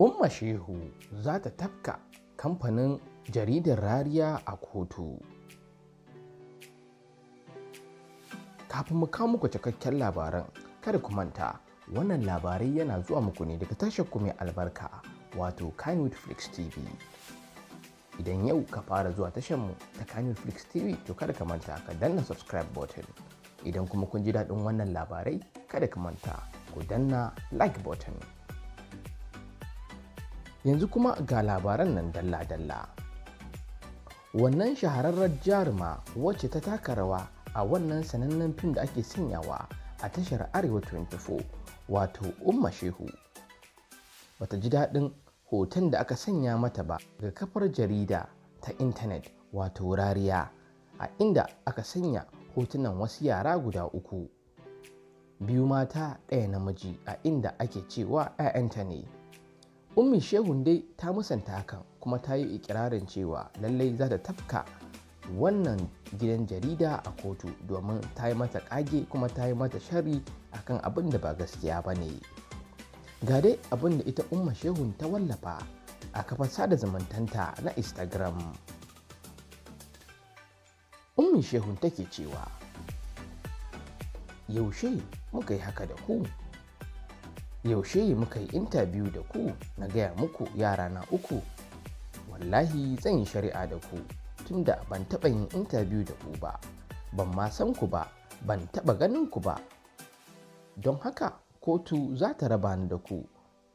Umma Shehu za ta tafka kamfanin jaridar rariya a kotu. Kafin mu kawo muku cikakken labaran, kada ku manta wannan labarai yana zuwa muku ne daga tashar ku mai albarka wato Kanut Flix TV. Idan yau ka fara zuwa tashar mu ta Kanut Flix TV to kada ka manta ka danna subscribe button. Idan kuma kun ji daɗin wannan labarai kada ka manta ku danna like button. yanzu kuma ga labaran nan dalla-dalla wannan shahararren jaruma wacce ta taka rawa a wannan sanannen fim da ake sanyawa a tashar arewa 24 wato umma shehu bata ji daɗin hoton da aka sanya mata ba ga kafar jarida ta intanet wato rariya a inda aka sanya hotunan wasu yara guda uku biyu mata ɗaya namiji a inda ake cewa 'ya'yanta ne ummi shehun dai ta musanta hakan kuma ta yi ikirarin cewa lallai za ta tafka wannan gidan jarida a kotu domin ta yi mata kage kuma ta yi mata shari akan abin da ba gaskiya ba ne ga dai abin da ita umma shehun ta wallafa a kafar sada zumuntanta na instagram ummi shehun take cewa yaushe muka yi haka da ku yaushe muka yi intabiyu da ku na gaya muku yara na uku wallahi zan yi shari'a da ku tunda ban taɓa yin intabiyu da ku ba ban ma san ku ba ban taɓa ganin ku ba don haka kotu za ta raba ni da ku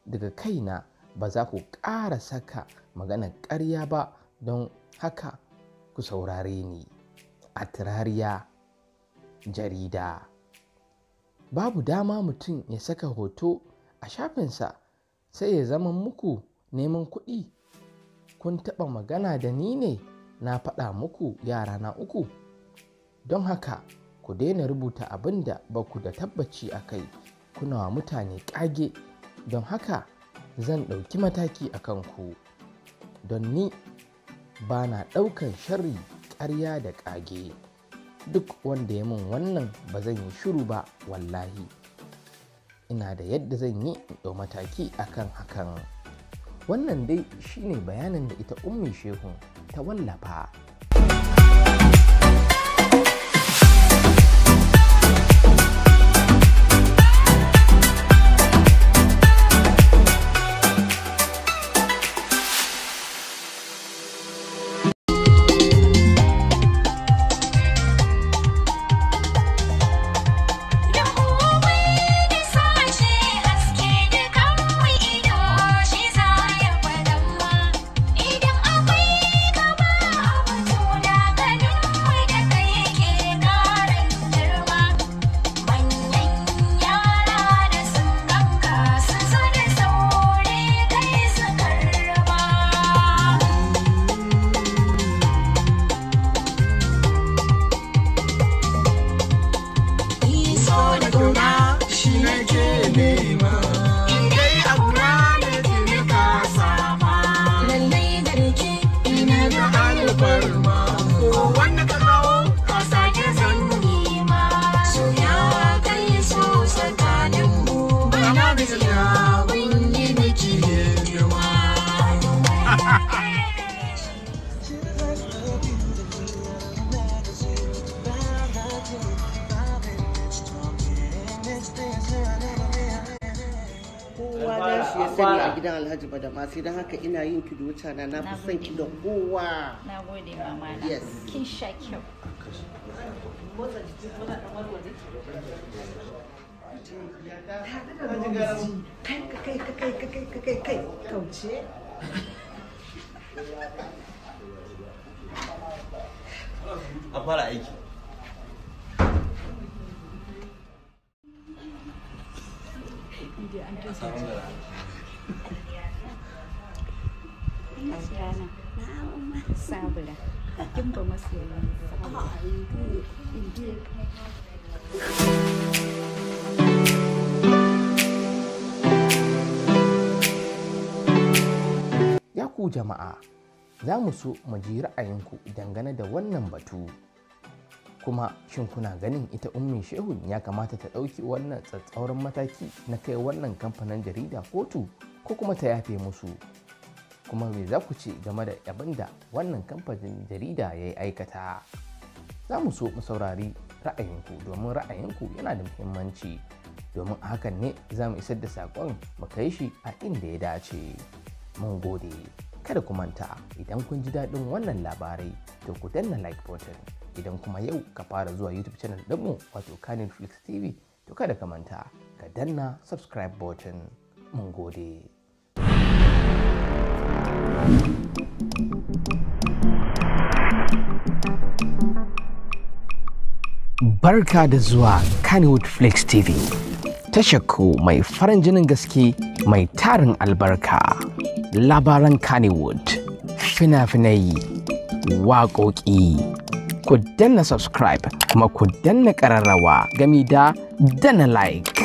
daga kaina ba za ku ƙara saka maganar ƙarya ba don haka ku saurare ni a turariya jarida babu dama mutum ya saka hoto a shafinsa sai ya zama muku neman kuɗi kun taɓa magana da ni ne na faɗa muku yara na uku don haka ku daina rubuta abin da ba ku da tabbaci a kai kuna wa mutane ƙage don haka zan ɗauki mataki a kanku don ni ba na ɗaukan sharri ƙarya da ƙage duk wanda ya min wannan ba zan yi shiru ba wallahi ina da yadda zan yi in ɗau mataki akan hakan wannan dai shine bayanin da ita ummi shehu ta wallafa tashi ya sani a gidan alhaji badama sai don haka ina yin ki na na fi son ki da kowa na gode a aiki Ya ku jama'a, za mu so mu ji ra'ayinku dangane da wannan batu. kuma shin kuna ganin ita ummi Shehu ya kamata ta ɗauki wannan tsatsauran mataki na kai wannan kamfanin jarida kotu ko kuma ta yafe musu kuma me za ku ce game da abin da wannan kamfanin jarida ya yi aikata za mu so mu saurari ra'ayinku domin ra'ayinku yana da muhimmanci domin hakan ne za mu isar da saƙon mu kai shi a inda ya dace mun gode kada ku manta idan kun ji daɗin wannan labarai to ku danna like button idan kuma yau ka fara zuwa youtube channel ɗinmu wato kanin flix tv to kada ka manta ka danna subscribe button mun gode barka da zuwa kannywood flix tv tashakku mai farin jinin gaske mai tarin albarka labaran kannywood fina-finai waƙoƙi ku danna subscribe kuma ku danna ƙararrawa gami da danna like